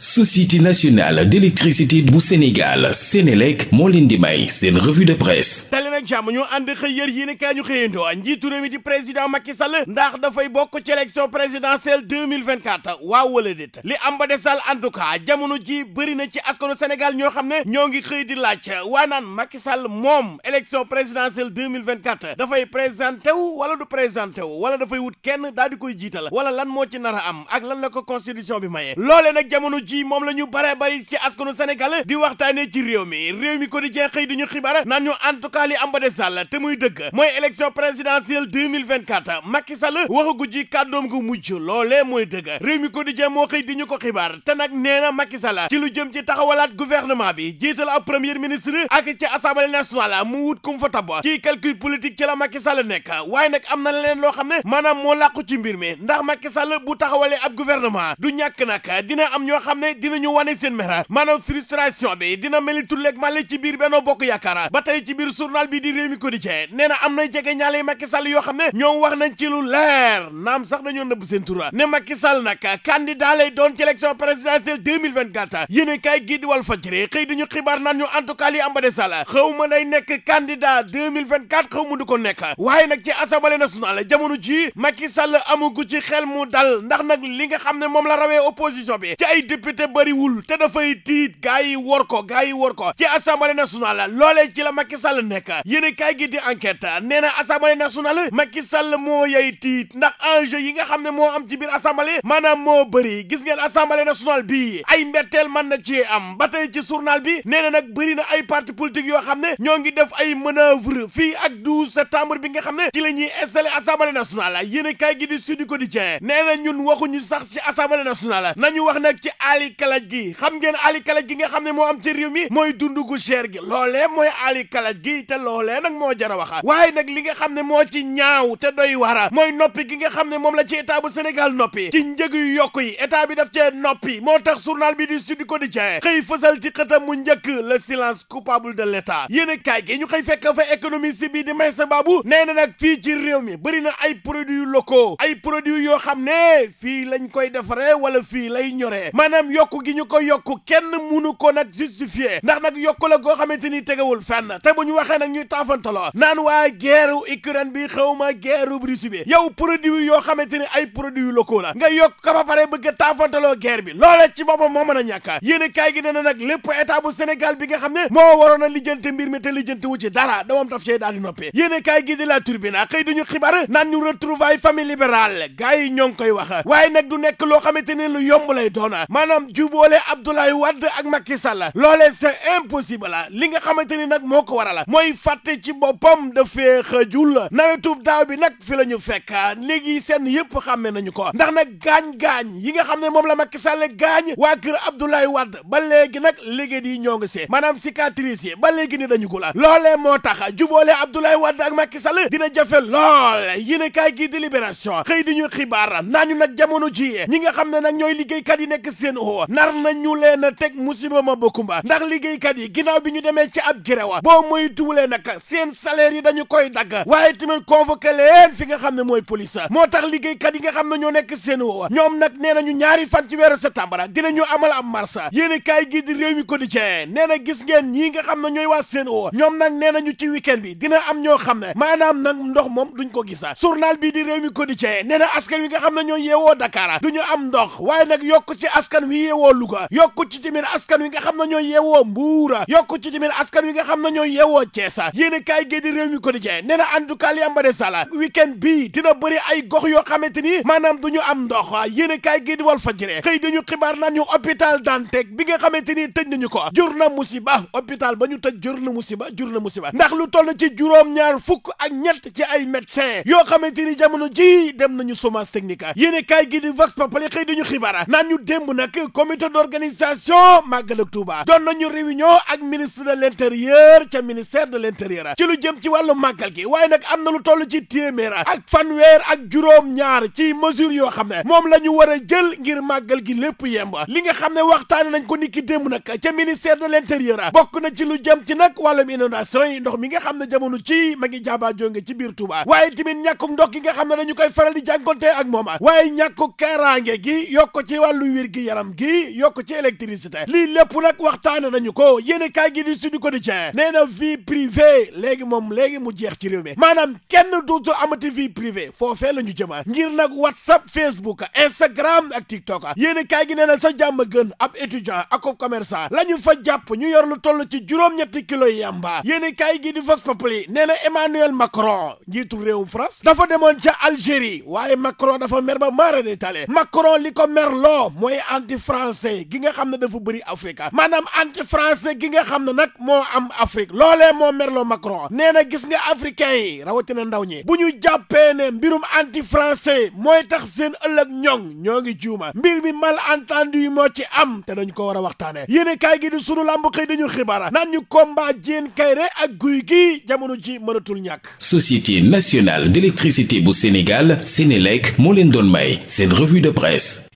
société nationale d'électricité bu Sénégal Sénélec moo leen di may seen revue de presse dali nag jàmm ñu ànd xëy yër yéen kaay ñu xëyandoo njiitu réew mi di président Macky Sall ndax dafay bokk ci élection li am ba desal en tout cas jamono ji bëri na ci askanu Sénégal ñoo xam ne ñoo ngi xëy di laaj waa naan Macky Sall moom élection présidentielle 2024 dafay présenté wu wala du présenté wu wala dafay wut kenn daal di koy jiital wala lan moo ci nar am ak lan la ko constitution bi maye loolee nag jamono ci moom la ñu bare bari ci askanu Sénégal di waxtaanee ci réew mi réew mi ko di jeex xëy di ñu xibaar naan ñu en tout cas li am ba de sàll te muy dëgg mooy élection présidentielle 2024 Macky Sall waxagu ji kàddoom gu mujj loolee mooy dëgg réew mi ko di jeex moo xëy di ñu ko xibaar te nag nee na ci lu jëm ci taxawalaat gouvernement bi jiital ab premier ministre ak ci assemblée nationale mu wut kum fa tab ci calcul politique ci la Macky nekk xam ne maanaam moo làqu ci mbir mi ndax Macky Sall bu taxawalee ab gouvernement du ñàkk nag xam ne dinañu wane seen mer maanaam frustration bi dina mel ni tulleeg ci biir Benno Bokk Yaakaar ba tey ci biir journal bi di Rewmi Quotidien nee na am na jege ñaale Macky Sall yoo xam ne ñoom wax nañ ci lu leer naam sax dañoo nëbb seen tura ne Macky Sall nag candidat lay doon ci élection présidentielle 2024 yéen kay gii di Walf Fadjri xëy dañu xibaar naan ñu en tout cas li am ba de Sall ma day nekk candidat 2024 xaw ma du ko nekk waaye nag ci assemblée nationale xel mu dal ndax nag li nga xam ne moom la rawee opposition bi ci ay député député bëriwul te dafay tiit gaa yi wor ko gaa yi wor ko ci assemblée nationale loolee ci la Macky Sall nekk yéen kaay gi di enquête nee na assemblée nationale Macky Sall moo yay tiit ndax enjeu yi nga xam ne moo am ci biir assemblée maanaam moo bëri gis ngeen assemblée nationale bii ay mbetteel man na ci am ba tey ci journal bi nee na nag bëri na ay parti politique yoo xam ne ñoo ngi def ay manœuvre fii ak 12 septembre bi nga xam ne ci la ñuy installé assemblée nationale yéen kaay gi di Sud Quotidien nee na ñun waxuñu sax ci assemblée nationale nañu wax nag ali kalaj gi xam ngeen ali kalaj gi nga xam ne moo am ci réew mi mooy dund gu cher gi loolee mooy ali kalaj gi te loolee nag moo jar a waxaat waaye nag li nga xam ne moo ci ñaaw te doy wara mooy noppi gi nga xam ne moom la ci état bu Sénégal noppi ci njëg yu yokk yi état bi daf cee noppi moo tax journal bi du Sud Quotidien xëy fësal ci xëtam mu njëkk le silence coupable de l'état yéen a kaay gi ñu xëy fekk fa économiste bi di Meïssa Babou nee na nag fii ci réew mi bëri na ay produits locaux ay produits yoo xam ne fii lañ koy defaree wala fii lay ñoree maanaam yokku gi ñu ko yokk kenn munu ko nag justifier ndax nag yokku la koo xamante ni tegewul fenn te bu ñu waxee nag ñuy taafantaloo naan waa guerru Ukraine bi xaw ma guerru Russie bi yow produit yoo xamante ni ay produit locaux la nga yokk ko ba pare bëgg a taafantaloo guerre bi loolee ci boppam moo mën a ñàkk yéen kaay gi nee na nag lépp état bu Sénégal bi nga xam ne moo waroon a lijjanti mbir mi te lijjanti wu ci dara damam daf cee daal di noppi yéen kaay gi di a turbina xëy duñu xibaar naan ñu retrouvaille famille libérale yi ñoo ngi koy wax waaye nag du nekk loo xamante ni lu yomb lay doona maanaam juboole Abdoulaye Wade ak Macky Sall loolee c'est impossible li nga xamante ni nag moo ko waral mooy fàtte ci boppam dafee xëjul nawetub daaw bi nag fi la ñu fekk léegi seen yëpp xàmme nañu ko ndax nag gaañ-gaañ yi nga xam ne moom la Macky Sall gaañ waa kër Abdoulaye Wade ba léegi nag léegi di ñoo ngi see maanaam cicatrice yi ba léegi ni dañu ko la loolee moo tax juboole Abdoulaye Wade ak Macky Sall dina jafe lool yéen kaay gi di libération xëy di ñu xibaar naa ñu nag jamono ji ñi nga xam ne nag ñooy liggéeykat yi nekk seen anhu nar na ñu leen a teg musiba ma bëkkumba ndax liggéeykat yi ginnaaw bi ñu demee ci ab gréwa boo muy tuwulee nag seen salaire yi dañu koy dagg waaye tamit convoqué leen fi nga xam ne mooy police moo tax liggéeykat yi nga xam ne ñoo nekk seen woowa ñoom nag nee nañu ñaari fan ci weeru septembre dinañu amal am mars yéen kaay gi di réew mi quotidien nee na gis ngeen ñii nga xam ne ñooy waa seen woowa ñoom nag nee nañu ci week-end bi dina am ñoo xam ne maanaam nag ndox moom duñ ko gisa journal bii di réew mi quotidien nee na askan wi nga xam ne ñoo dakaara Dakar duñu am ndox waaye nag yokk ci askan askan wi yeewoo Louga yokk ci tamit askan wi nga xam ne ñoo yeewoo Mbuur yokk ci tamit askan wi nga xam ne ñoo yeewoo Thiès yéen kaay gi di réew mi quotidien nee na en tout cas li am ba de sala week-end bii dina bëri ay gox yoo xamante ni maanaam du ñu am ndox yéen kaay gi di Walf Fadjri xëy dañu xibaar naan ñu hôpital Dantec bi nga xamante ni tëj nañu ko jur na musiba hôpital ba ñu tëj jur na musiba jur na musiba ndax lu toll ci juróom-ñaar fukk ak ñett ci ay médecin yoo xamante ni jamono ji dem nañu chômage technique yéen kaay gi di Vox Populi xëy dañu xibaar naan ñu démb nag dénk comité d'organisation màggalak Touba doon nañu réunion ak ministre de l'intérieur ca ministère de l'intérieur ci lu jëm ci wàllu màggal gi waaye nag am na lu toll ci téeméer ak fanweer ak juróom ñaar ci mesure yoo xam ne moom la ñu war a jël ngir màggal gi lépp yemb li nga xam ne waxtaane nañ ko niki démb nag ca ministère de l'intérieur bokk na ci lu jëm ci nag wàllum inondation yi ndox mi nga xam ne jamono ci ma ngi jaabaa jonge ci biir Touba waaye tamit ñàkkuk ndox gi nga xam ne dañu koy faral di jànkonte ak mooma waaye ñàkku kaaraange gi yokk ci wàllu wér gi yaram ñam gi yokk ci électricité lii lépp nag waxtaane nañu ko yéen kaay gi di Sud Quotidien nee na vie privée léegi moom léegi mu jeex ci réew mi maanaam kenn duutu amati vie privée foofee la ñu jëma ngir nag WhatsApp Facebook Instagram ak TikTok yéen kaay gi nee na sa jàmm gën ab étudiant ak commerçant la ñu fa jàpp ñu yor lu toll ci juróom-ñetti kilo yamba yéen kaay gi di Vox Populi nee na Emmanuel Macron njiitu réewum France dafa demoon ca Algérie waaye Macron dafa mer ba maara de tale Macron li anti gi nga xam ne dafa bëri Afrique maanaam anti francais gi nga xam ne nag moo am Afrique loole moo merloo Macron nee na gis nga africain yi rawatina ndaw ñi bu ñu jàppee ne mbirum anti français mooy tax seen ëllëg ñoŋ ñoo ngi juuma mbir mi malentendu yi moo ci am te dañ ko war a waxtaanee yéen kaay gi di sunu làmb xëy dañu xibaar naan ñu combat Diène Kaïré ak guy gi jamono ji mënatul ñàkk. Société nationale d'électricité bu Sénégal Sénélec moo leen doon may seen revue de presse.